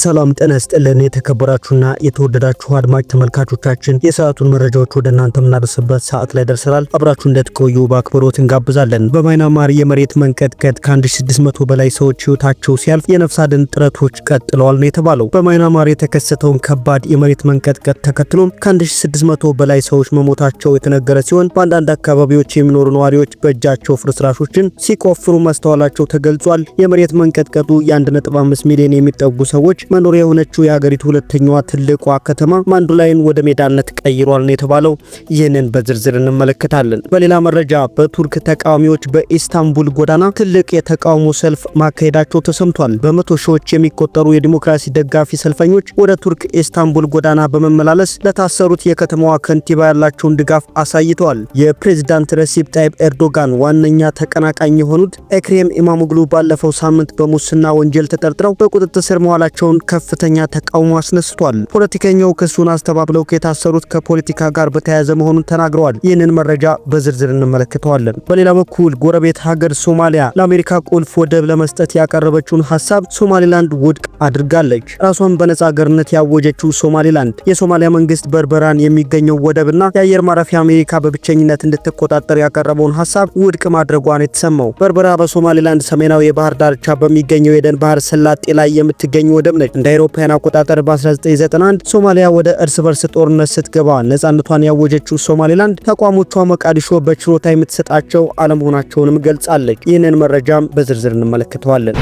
ሰላም ጤና ይስጥልን። የተከበራችሁና የተወደዳችሁ አድማጭ ተመልካቾቻችን የሰዓቱን መረጃዎች ወደ እናንተ የምናደርስበት ሰዓት ላይ ደርሰናል። አብራችሁ እንደትቆዩ በአክብሮት እንጋብዛለን። በማይናማር የመሬት መንቀጥቀጥ ከ1600 በላይ ሰዎች ሕይወታቸው ሲያልፍ የነፍስ አድን ጥረቶች ቀጥለዋል ነው የተባለው። በማይናማር የተከሰተውን ከባድ የመሬት መንቀጥቀጥ ተከትሎም ከ1600 በላይ ሰዎች መሞታቸው የተነገረ ሲሆን በአንዳንድ አካባቢዎች የሚኖሩ ነዋሪዎች በእጃቸው ፍርስራሾችን ሲቆፍሩ ማስተዋላቸው ተገልጿል። የመሬት መንቀጥቀጡ የ1.5 ሚሊዮን የሚጠጉ ሰዎች መኖሪያ የሆነችው የሀገሪቱ ሁለተኛዋ ትልቋ ከተማ ማንዱላይን ወደ ሜዳነት ቀይሯል ነው የተባለው። ይህንን በዝርዝር እንመለከታለን። በሌላ መረጃ በቱርክ ተቃዋሚዎች በኢስታንቡል ጎዳና ትልቅ የተቃውሞ ሰልፍ ማካሄዳቸው ተሰምቷል። በመቶ ሺዎች የሚቆጠሩ የዲሞክራሲ ደጋፊ ሰልፈኞች ወደ ቱርክ ኢስታንቡል ጎዳና በመመላለስ ለታሰሩት የከተማዋ ከንቲባ ያላቸውን ድጋፍ አሳይተዋል። የፕሬዚዳንት ረሲብ ጣይብ ኤርዶጋን ዋነኛ ተቀናቃኝ የሆኑት ኤክሬም ኢማሙግሉ ባለፈው ሳምንት በሙስና ወንጀል ተጠርጥረው በቁጥጥር ስር መዋላቸውን ያለውን ከፍተኛ ተቃውሞ አስነስቷል። ፖለቲከኛው ክሱን አስተባብለው የታሰሩት ከፖለቲካ ጋር በተያያዘ መሆኑን ተናግረዋል። ይህንን መረጃ በዝርዝር እንመለከተዋለን። በሌላ በኩል ጎረቤት ሀገር ሶማሊያ ለአሜሪካ ቁልፍ ወደብ ለመስጠት ያቀረበችውን ሀሳብ ሶማሊላንድ ውድቅ አድርጋለች። ራሷን በነጻ አገርነት ያወጀችው ሶማሊላንድ የሶማሊያ መንግስት በርበራን የሚገኘው ወደብና የአየር ማረፊያ አሜሪካ በብቸኝነት እንድትቆጣጠር ያቀረበውን ሀሳብ ውድቅ ማድረጓን የተሰማው በርበራ በሶማሊላንድ ሰሜናዊ የባህር ዳርቻ በሚገኘው የደን ባህር ሰላጤ ላይ የምትገኝ ወደብ ነች። እንደ አውሮፓውያን አቆጣጠር በ1991 ሶማሊያ ወደ እርስ በርስ ጦርነት ስትገባ ነጻነቷን ያወጀችው ሶማሌላንድ ተቋሞቿ መቃዲሾ በችሮታ የምትሰጣቸው አለመሆናቸውንም ገልጻለች። ይህንን መረጃም በዝርዝር እንመለከተዋለን።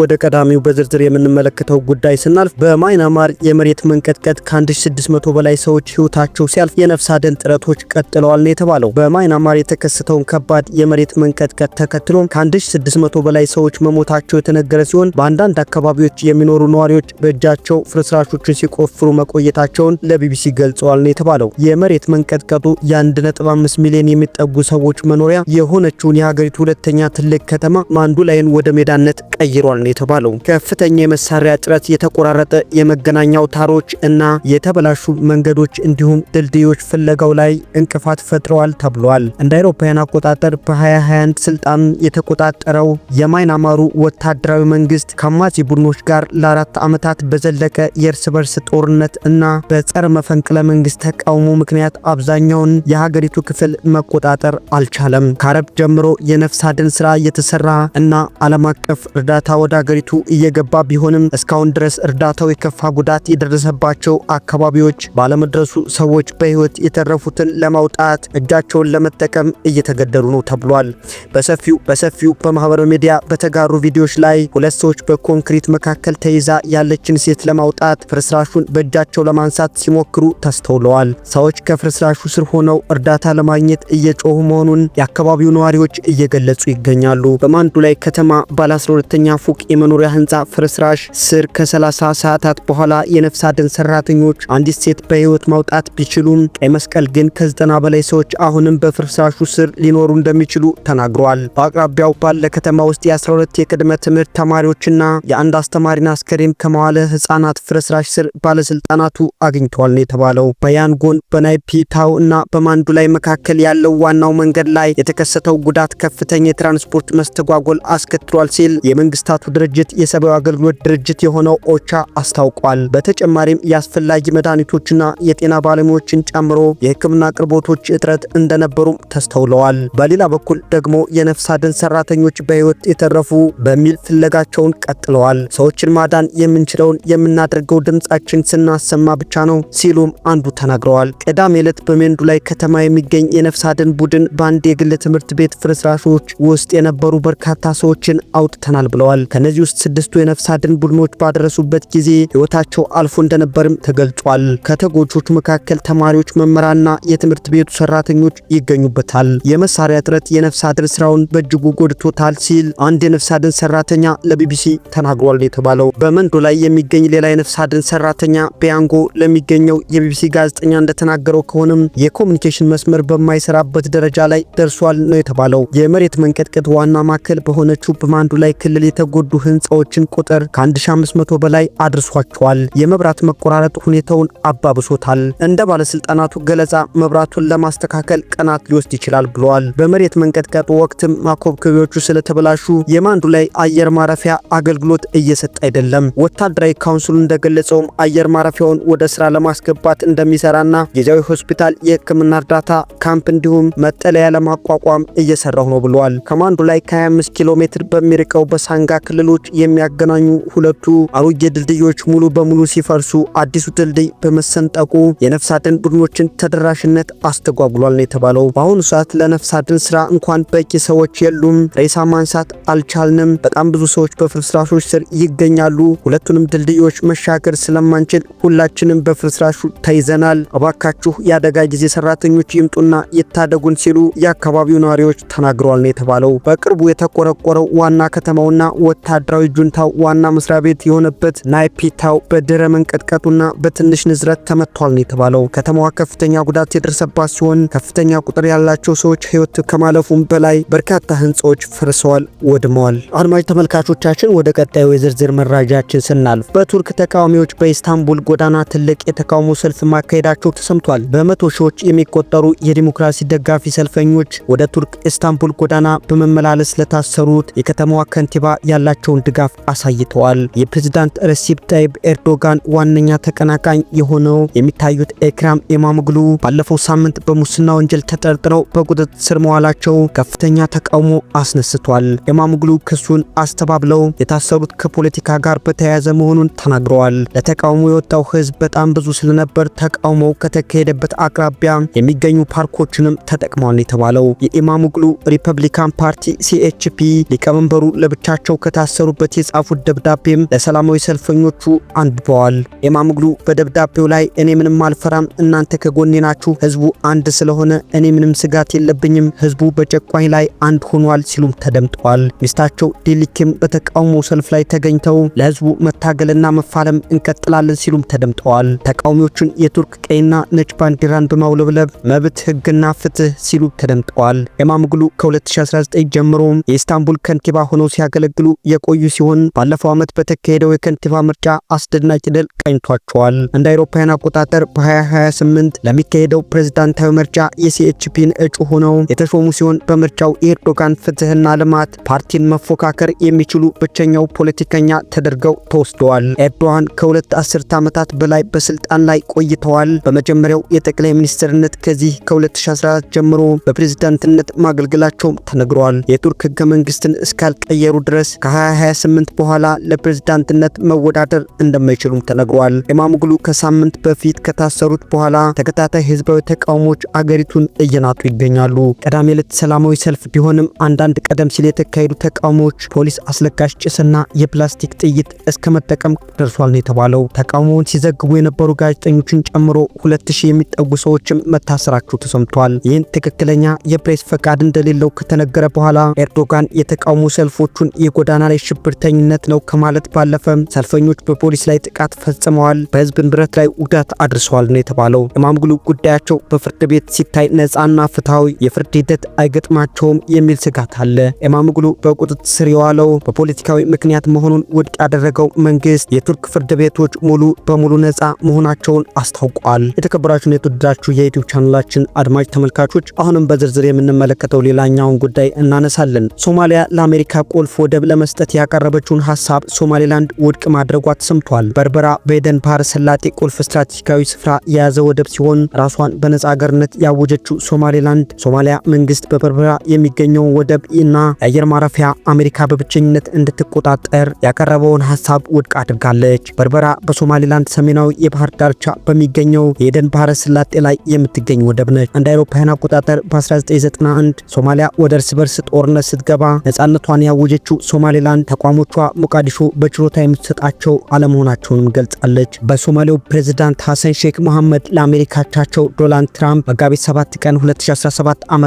ወደ ቀዳሚው በዝርዝር የምንመለከተው ጉዳይ ስናልፍ በማይናማር የመሬት መንቀጥቀጥ ከ1600 በላይ ሰዎች ህይወታቸው ሲያልፍ የነፍስ አድን ጥረቶች ቀጥለዋል ነው የተባለው። በማይናማር የተከሰተውን ከባድ የመሬት መንቀጥቀጥ ተከትሎ ከ1600 በላይ ሰዎች መሞታቸው የተነገረ ሲሆን በአንዳንድ አካባቢዎች የሚኖሩ ነዋሪዎች በእጃቸው ፍርስራሾችን ሲቆፍሩ መቆየታቸውን ለቢቢሲ ገልጸዋል ነው የተባለው። የመሬት መንቀጥቀጡ የ1.5 ሚሊዮን የሚጠጉ ሰዎች መኖሪያ የሆነችውን የሀገሪቱ ሁለተኛ ትልቅ ከተማ ማንዱላይን ወደ ሜዳነት ተቀይሯል ነው የተባለው። ከፍተኛ የመሳሪያ እጥረት፣ የተቆራረጠ የመገናኛ አውታሮች እና የተበላሹ መንገዶች እንዲሁም ድልድዮች ፍለጋው ላይ እንቅፋት ፈጥረዋል ተብሏል። እንደ አውሮፓውያን አቆጣጠር በ2021 ስልጣን የተቆጣጠረው የማይናማሩ ወታደራዊ መንግስት ከአማጺ ቡድኖች ጋር ለአራት ዓመታት በዘለቀ የእርስ በርስ ጦርነት እና በጸረ መፈንቅለ መንግስት ተቃውሞ ምክንያት አብዛኛውን የሀገሪቱ ክፍል መቆጣጠር አልቻለም። ከአረብ ጀምሮ የነፍስ አድን ስራ የተሰራ እና ዓለም አቀፍ እርዳታ ወደ አገሪቱ እየገባ ቢሆንም እስካሁን ድረስ እርዳታው የከፋ ጉዳት የደረሰባቸው አካባቢዎች ባለመድረሱ ሰዎች በህይወት የተረፉትን ለማውጣት እጃቸውን ለመጠቀም እየተገደሉ ነው ተብሏል። በሰፊው በሰፊው በማህበራዊ ሚዲያ በተጋሩ ቪዲዮዎች ላይ ሁለት ሰዎች በኮንክሪት መካከል ተይዛ ያለችን ሴት ለማውጣት ፍርስራሹን በእጃቸው ለማንሳት ሲሞክሩ ተስተውለዋል። ሰዎች ከፍርስራሹ ስር ሆነው እርዳታ ለማግኘት እየጮሁ መሆኑን የአካባቢው ነዋሪዎች እየገለጹ ይገኛሉ። በማንዱ ላይ ከተማ ባለ 12 ሁለተኛ ፎቅ የመኖሪያ ህንፃ ፍርስራሽ ስር ከ30 ሰዓታት በኋላ የነፍስ አድን ሰራተኞች አንዲት ሴት በህይወት ማውጣት ቢችሉም ቀይ መስቀል ግን ከ90 በላይ ሰዎች አሁንም በፍርስራሹ ስር ሊኖሩ እንደሚችሉ ተናግሯል። በአቅራቢያው ባለ ከተማ ውስጥ የ12 የቅድመ ትምህርት ተማሪዎችና የአንድ አስተማሪን አስከሬን ከመዋለ ህጻናት ፍርስራሽ ስር ባለስልጣናቱ አግኝተዋል ነው የተባለው። በያንጎን በናይፒታው እና በማንዱ ላይ መካከል ያለው ዋናው መንገድ ላይ የተከሰተው ጉዳት ከፍተኛ የትራንስፖርት መስተጓጎል አስከትሏል ሲል መንግስታቱ ድርጅት የሰብአዊ አገልግሎት ድርጅት የሆነው ኦቻ አስታውቋል። በተጨማሪም የአስፈላጊ መድኃኒቶችና የጤና ባለሙያዎችን ጨምሮ የህክምና አቅርቦቶች እጥረት እንደነበሩም ተስተውለዋል። በሌላ በኩል ደግሞ የነፍስ አድን ሰራተኞች በህይወት የተረፉ በሚል ፍለጋቸውን ቀጥለዋል። ሰዎችን ማዳን የምንችለውን የምናደርገው ድምጻችን ስናሰማ ብቻ ነው ሲሉም አንዱ ተናግረዋል። ቅዳሜ ዕለት በሜንዱ ላይ ከተማ የሚገኝ የነፍስ አድን ቡድን በአንድ የግል ትምህርት ቤት ፍርስራሾች ውስጥ የነበሩ በርካታ ሰዎችን አውጥተናል ብለዋል። ተፈናቅለዋል። ከነዚህ ውስጥ ስድስቱ የነፍስ አድን ቡድኖች ባደረሱበት ጊዜ ህይወታቸው አልፎ እንደነበርም ተገልጿል። ከተጎጆች መካከል ተማሪዎች፣ መምህራንና የትምህርት ቤቱ ሰራተኞች ይገኙበታል። የመሳሪያ እጥረት የነፍስ አድን ስራውን በእጅጉ ጎድቶታል ሲል አንድ የነፍስ አድን ሰራተኛ ለቢቢሲ ተናግሯል የተባለው በመንዶ ላይ የሚገኝ ሌላ የነፍስ አድን ሰራተኛ በያንጎ ለሚገኘው የቢቢሲ ጋዜጠኛ እንደተናገረው ከሆነም የኮሚኒኬሽን መስመር በማይሰራበት ደረጃ ላይ ደርሷል ነው የተባለው። የመሬት መንቀጥቀጥ ዋና ማዕከል በሆነችው በማንዱ ላይ ክልል የተጎዱ ህንፃዎችን ቁጥር ከ1500 በላይ አድርሷቸዋል። የመብራት መቆራረጥ ሁኔታውን አባብሶታል። እንደ ባለስልጣናቱ ገለጻ መብራቱን ለማስተካከል ቀናት ሊወስድ ይችላል ብለዋል። በመሬት መንቀጥቀጥ ወቅትም ማኮብኮቢዎቹ ስለተበላሹ የማንዱ ላይ አየር ማረፊያ አገልግሎት እየሰጠ አይደለም። ወታደራዊ ካውንስሉ እንደገለጸውም አየር ማረፊያውን ወደ ስራ ለማስገባት እንደሚሰራና ጊዜያዊ ሆስፒታል፣ የህክምና እርዳታ ካምፕ እንዲሁም መጠለያ ለማቋቋም እየሰራሁ ነው ብለዋል። ከማንዱ ላይ ከ25 ኪሎ ሜትር በሚርቀው በሳ ሳንጋ ክልሎች የሚያገናኙ ሁለቱ አሮጌ ድልድዮች ሙሉ በሙሉ ሲፈርሱ አዲሱ ድልድይ በመሰንጠቁ የነፍስ አድን ቡድኖችን ተደራሽነት አስተጓጉሏል ነው የተባለው። በአሁኑ ሰዓት ለነፍስ አድን ስራ እንኳን በቂ ሰዎች የሉም። ሬሳ ማንሳት አልቻልንም። በጣም ብዙ ሰዎች በፍርስራሾች ስር ይገኛሉ። ሁለቱንም ድልድዮች መሻገር ስለማንችል ሁላችንም በፍርስራሹ ተይዘናል። እባካችሁ የአደጋ ጊዜ ሰራተኞች ይምጡና ይታደጉን ሲሉ የአካባቢው ነዋሪዎች ተናግረዋል ነው የተባለው። በቅርቡ የተቆረቆረው ዋና ከተማውና ዋና ወታደራዊ ጁንታው ዋና መስሪያ ቤት የሆነበት ናይፒታው በድረ መንቀጥቀጡና በትንሽ ንዝረት ተመቷል ነው የተባለው። ከተማዋ ከፍተኛ ጉዳት የደረሰባት ሲሆን ከፍተኛ ቁጥር ያላቸው ሰዎች ህይወት ከማለፉም በላይ በርካታ ህንፃዎች ፈርሰዋል፣ ወድመዋል። አድማጭ ተመልካቾቻችን ወደ ቀጣዩ የዝርዝር መረጃችን ስናልፍ በቱርክ ተቃዋሚዎች በኢስታንቡል ጎዳና ትልቅ የተቃውሞ ሰልፍ ማካሄዳቸው ተሰምቷል። በመቶ ሺዎች የሚቆጠሩ የዲሞክራሲ ደጋፊ ሰልፈኞች ወደ ቱርክ ኢስታንቡል ጎዳና በመመላለስ ለታሰሩት የከተማዋ ከንቲባ ያላቸውን ድጋፍ አሳይተዋል። የፕሬዝዳንት ረሲፕ ታይብ ኤርዶጋን ዋነኛ ተቀናቃኝ የሆነው የሚታዩት ኤክራም ኢማምግሉ ባለፈው ሳምንት በሙስና ወንጀል ተጠርጥረው በቁጥጥር ስር መዋላቸው ከፍተኛ ተቃውሞ አስነስቷል። ኢማምግሉ ክሱን አስተባብለው የታሰሩት ከፖለቲካ ጋር በተያያዘ መሆኑን ተናግረዋል። ለተቃውሞ የወጣው ህዝብ በጣም ብዙ ስለነበር ተቃውሞው ከተካሄደበት አቅራቢያ የሚገኙ ፓርኮችንም ተጠቅመዋል የተባለው የኢማምግሉ ሪፐብሊካን ፓርቲ ሲኤችፒ ሊቀመንበሩ ለብቻ ራሳቸው ከታሰሩበት የጻፉት ደብዳቤም ለሰላማዊ ሰልፈኞቹ አንብበዋል። የማምግሉ በደብዳቤው ላይ እኔ ምንም አልፈራም፣ እናንተ ከጎኔ ናችሁ፣ ህዝቡ አንድ ስለሆነ እኔ ምንም ስጋት የለብኝም፣ ህዝቡ በጨቋኝ ላይ አንድ ሆኗል ሲሉም ተደምጠዋል። ሚስታቸው ዴሊኬም በተቃውሞ ሰልፍ ላይ ተገኝተው ለህዝቡ መታገልና መፋለም እንቀጥላለን ሲሉም ተደምጠዋል። ተቃዋሚዎቹን የቱርክ ቀይና ነጭ ባንዲራን በማውለብለብ መብት፣ ህግና ፍትህ ሲሉ ተደምጠዋል። የማምግሉ ከ2019 ጀምሮ የኢስታንቡል ከንቲባ ሆነው ሲያገለግሉ ሲያገለግሉ የቆዩ ሲሆን ባለፈው ዓመት በተካሄደው የከንቲባ ምርጫ አስደናቂ ድል ቀኝቷቸዋል። እንደ አውሮፓውያን አቆጣጠር በ2028 ለሚካሄደው ፕሬዝዳንታዊ ምርጫ የሲኤችፒን እጩ ሆነው የተሾሙ ሲሆን በምርጫው የኤርዶጋን ፍትህና ልማት ፓርቲን መፎካከር የሚችሉ ብቸኛው ፖለቲከኛ ተደርገው ተወስደዋል። ኤርዶዋን ከሁለት አስርት ዓመታት በላይ በስልጣን ላይ ቆይተዋል። በመጀመሪያው የጠቅላይ ሚኒስትርነት ከዚህ ከ2014 ጀምሮ በፕሬዝዳንትነት ማገልገላቸውም ተነግሯል። የቱርክ ህገ መንግስትን እስካልቀየሩ ድረስ ድረስ ከ2028 በኋላ ለፕሬዝዳንትነት መወዳደር እንደማይችሉም ተነግሯል። ኢማሙግሉ ከሳምንት በፊት ከታሰሩት በኋላ ተከታታይ ህዝባዊ ተቃውሞዎች አገሪቱን እየናጡ ይገኛሉ። ቀዳሚ ዕለት ሰላማዊ ሰልፍ ቢሆንም አንዳንድ ቀደም ሲል የተካሄዱ ተቃውሞዎች ፖሊስ አስለቃሽ ጭስና የፕላስቲክ ጥይት እስከ መጠቀም ደርሷል ነው የተባለው። ተቃውሞውን ሲዘግቡ የነበሩ ጋዜጠኞችን ጨምሮ 2000 የሚጠጉ ሰዎችም መታሰራቸው ተሰምቷል። ይህን ትክክለኛ የፕሬስ ፈቃድ እንደሌለው ከተነገረ በኋላ ኤርዶጋን የተቃውሞ ሰልፎቹን የጎዳና ላይ ሽብርተኝነት ነው ከማለት ባለፈ ሰልፈኞች በፖሊስ ላይ ጥቃት ፈጽመዋል፣ በህዝብ ንብረት ላይ ጉዳት አድርሰዋል ነው የተባለው። ኢማም ጉዳያቸው በፍርድ ቤት ሲታይ ነፃና ፍትሐዊ የፍርድ ሂደት አይገጥማቸውም የሚል ስጋት አለ። ኢማም ግሉብ በቁጥጥር ስር የዋለው በፖለቲካዊ ምክንያት መሆኑን ውድቅ ያደረገው መንግስት የቱርክ ፍርድ ቤቶች ሙሉ በሙሉ ነፃ መሆናቸውን አስታውቋል። የተከበራችሁን የተወደዳችሁ የዩቲዩብ ቻናላችን አድማጭ ተመልካቾች አሁንም በዝርዝር የምንመለከተው ሌላኛውን ጉዳይ እናነሳለን። ሶማሊያ ለአሜሪካ ቁልፍ ወደ ወደብ ለመስጠት ያቀረበችውን ሀሳብ ሶማሌላንድ ውድቅ ማድረጓ ተሰምቷል። በርበራ በኤደን ባህረ ሰላጤ ቁልፍ ስትራቴጂካዊ ስፍራ የያዘ ወደብ ሲሆን ራሷን በነጻ አገርነት ያወጀችው ሶማሌላንድ ሶማሊያ መንግስት በበርበራ የሚገኘውን ወደብ እና የአየር ማረፊያ አሜሪካ በብቸኝነት እንድትቆጣጠር ያቀረበውን ሀሳብ ውድቅ አድርጋለች። በርበራ በሶማሌላንድ ሰሜናዊ የባህር ዳርቻ በሚገኘው የኤደን ባህረ ሰላጤ ላይ የምትገኝ ወደብ ነች። እንደ አውሮፓውያን አቆጣጠር በ1991 ሶማሊያ ወደ እርስ በርስ ጦርነት ስትገባ ነጻነቷን ያወጀችው ሶማሌላንድ ተቋሞቿ ሞቃዲሾ በችሮታ የምትሰጣቸው አለመሆናቸውንም ገልጻለች። በሶማሌው ፕሬዝዳንት ሐሰን ሼክ መሐመድ ለአሜሪካቻቸው ዶናልድ ትራምፕ መጋቢት 7 ቀን 2017 ዓ.ም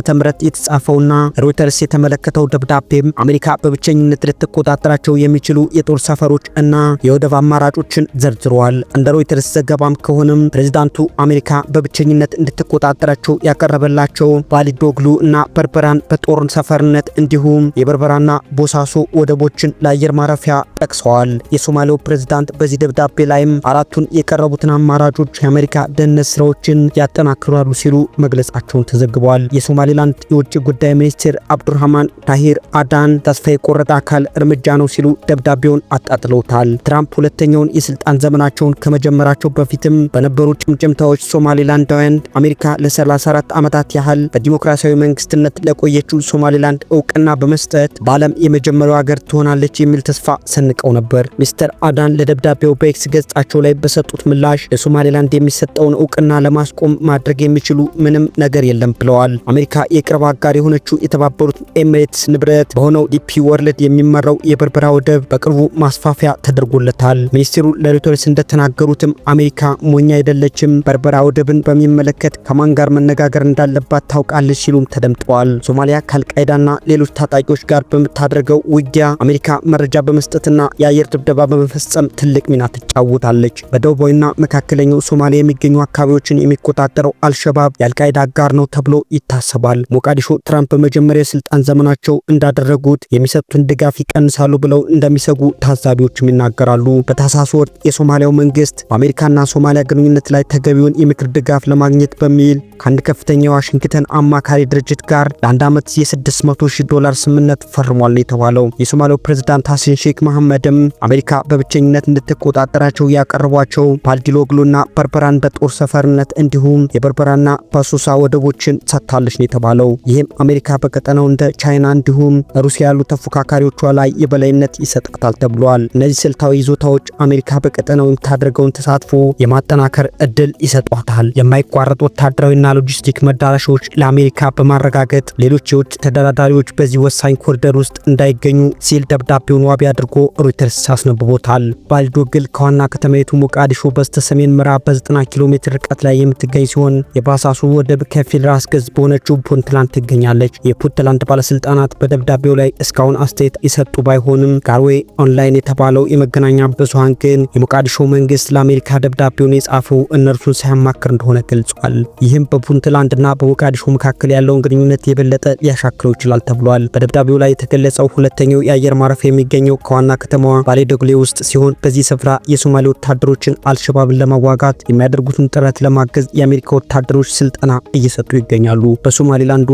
የተጻፈውና ሮይተርስ የተመለከተው ደብዳቤም አሜሪካ በብቸኝነት ልትቆጣጠራቸው የሚችሉ የጦር ሰፈሮች እና የወደብ አማራጮችን ዘርዝረዋል። እንደ ሮይተርስ ዘገባም ከሆነም ፕሬዝዳንቱ አሜሪካ በብቸኝነት እንድትቆጣጠራቸው ያቀረበላቸው ባሊዶግሉ እና በርበራን በጦር ሰፈርነት እንዲሁም የበርበራና ቦሳሶ ወደቦችን ለአየር ማረፊያ ጠቅሰዋል። የሶማሌው ፕሬዝዳንት በዚህ ደብዳቤ ላይም አራቱን የቀረቡትን አማራጮች የአሜሪካ ደህንነት ስራዎችን ያጠናክራሉ ሲሉ መግለጻቸውን ተዘግቧል። የሶማሌላንድ የውጭ ጉዳይ ሚኒስትር አብዱርሃማን ታሂር አዳን ተስፋ የቆረጠ አካል እርምጃ ነው ሲሉ ደብዳቤውን አጣጥለውታል። ትራምፕ ሁለተኛውን የስልጣን ዘመናቸውን ከመጀመራቸው በፊትም በነበሩ ጭምጭምታዎች ሶማሌላንዳውያን አሜሪካ ለ34 ዓመታት ያህል በዲሞክራሲያዊ መንግስትነት ለቆየችው ሶማሌላንድ እውቅና በመስጠት በዓለም የመጀመሪያ ተወዳዳሪው ሀገር ትሆናለች የሚል ተስፋ ሰንቀው ነበር። ሚስተር አዳን ለደብዳቤው በኤክስ ገጻቸው ላይ በሰጡት ምላሽ ለሶማሌላንድ የሚሰጠውን እውቅና ለማስቆም ማድረግ የሚችሉ ምንም ነገር የለም ብለዋል። አሜሪካ የቅርብ አጋር የሆነችው የተባበሩት ኤሚሬትስ ንብረት በሆነው ዲፒ ወርልድ የሚመራው የበርበራ ወደብ በቅርቡ ማስፋፊያ ተደርጎለታል። ሚኒስትሩ ለሮይተርስ እንደተናገሩትም አሜሪካ ሞኝ አይደለችም፣ በርበራ ወደብን በሚመለከት ከማን ጋር መነጋገር እንዳለባት ታውቃለች ሲሉም ተደምጠዋል። ሶማሊያ ከአልቃይዳና ሌሎች ታጣቂዎች ጋር በምታደርገው ውጊያ አሜሪካ መረጃ በመስጠትና የአየር ድብደባ በመፈጸም ትልቅ ሚና ትጫወታለች። በደቡባዊና መካከለኛው ሶማሊያ የሚገኙ አካባቢዎችን የሚቆጣጠረው አልሸባብ የአልቃይዳ አጋር ነው ተብሎ ይታሰባል። ሞቃዲሾ ትራምፕ በመጀመሪያ የስልጣን ዘመናቸው እንዳደረጉት የሚሰጡትን ድጋፍ ይቀንሳሉ ብለው እንደሚሰጉ ታዛቢዎችም ይናገራሉ። በታህሳስ ወር የሶማሊያው መንግስት በአሜሪካና ሶማሊያ ግንኙነት ላይ ተገቢውን የምክር ድጋፍ ለማግኘት በሚል ከአንድ ከፍተኛ የዋሽንግተን አማካሪ ድርጅት ጋር ለአንድ ዓመት የ600 ሺህ ዶላር ስምምነት ፈርሟል የተባለው የሶማሌው ፕሬዝዳንት ሐሰን ሼክ መሐመድም አሜሪካ በብቸኝነት እንድትቆጣጠራቸው ያቀረቧቸው ባልዲሎግሎና በርበራን በጦር ሰፈርነት እንዲሁም የበርበራና በሱሳ ወደቦችን ሰጥታለች ነው የተባለው። ይህም አሜሪካ በቀጠናው እንደ ቻይና እንዲሁም ሩሲያ ያሉ ተፎካካሪዎቿ ላይ የበላይነት ይሰጣታል ተብሏል። እነዚህ ስልታዊ ይዞታዎች አሜሪካ በቀጠናው የምታደርገውን ተሳትፎ የማጠናከር እድል ይሰጧታል። የማይቋረጥ ወታደራዊና ሎጂስቲክ መዳረሻዎች ለአሜሪካ በማረጋገጥ ሌሎች የውጭ ተደራዳሪዎች በዚህ ወሳኝ ኮሪደር ውስጥ እንዳይገኙ ሲል ደብዳቤውን ዋቢ አድርጎ ሮይተርስ አስነብቦታል። ባልዶግል ከዋና ከተማይቱ ሞቃዲሾ በስተ ሰሜን ምዕራብ በ90 ኪሎ ሜትር ርቀት ላይ የምትገኝ ሲሆን የባሳሱ ወደብ ከፊል ራስ ገዝ በሆነችው ፑንትላንድ ትገኛለች። የፑንትላንድ ባለስልጣናት በደብዳቤው ላይ እስካሁን አስተያየት የሰጡ ባይሆንም ጋርዌ ኦንላይን የተባለው የመገናኛ ብዙሃን ግን የሞቃዲሾ መንግስት ለአሜሪካ ደብዳቤውን የጻፈው እነርሱን ሳያማክር እንደሆነ ገልጿል። ይህም በፑንትላንድና በሞቃዲሾ መካከል ያለውን ግንኙነት የበለጠ ሊያሻክለው ይችላል ተብሏል። በደብዳቤው ላይ የተገለጸው ሁለተኛ አብዛኛው የአየር ማረፊያ የሚገኘው ከዋና ከተማዋ ባሌዶግሌ ውስጥ ሲሆን በዚህ ስፍራ የሶማሌ ወታደሮችን አልሸባብን ለመዋጋት የሚያደርጉትን ጥረት ለማገዝ የአሜሪካ ወታደሮች ስልጠና እየሰጡ ይገኛሉ። በሶማሌላንድ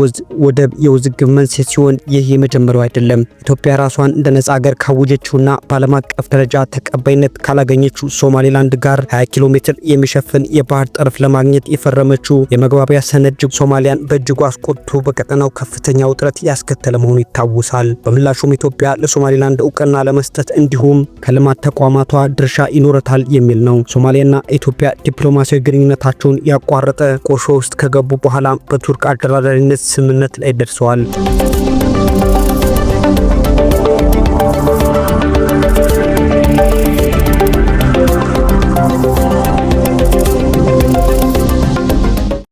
ወደብ የውዝግብ መንስኤ ሲሆን ይህ የመጀመሪያው አይደለም። ኢትዮጵያ ራሷን እንደ ነጻ ሀገር ካወጀችውና በዓለም አቀፍ ደረጃ ተቀባይነት ካላገኘችው ሶማሌላንድ ጋር 20 ኪሎ ሜትር የሚሸፍን የባህር ጠረፍ ለማግኘት የፈረመችው የመግባቢያ ሰነድ ሶማሊያን በእጅጉ አስቆጥቶ በቀጠናው ከፍተኛ ውጥረት ያስከተለ መሆኑ ይታወሳል። በምላሹም ኢትዮጵያ ለሶማሌላንድ እውቅና ለመስጠት እንዲሁም ከልማት ተቋማቷ ድርሻ ይኖረታል የሚል ነው። ሶማሌና ኢትዮጵያ ዲፕሎማሲያዊ ግንኙነታቸውን ያቋረጠ ቆሾ ውስጥ ከገቡ በኋላ በቱርክ አደራዳሪነት ስምምነት ላይ ደርሰዋል።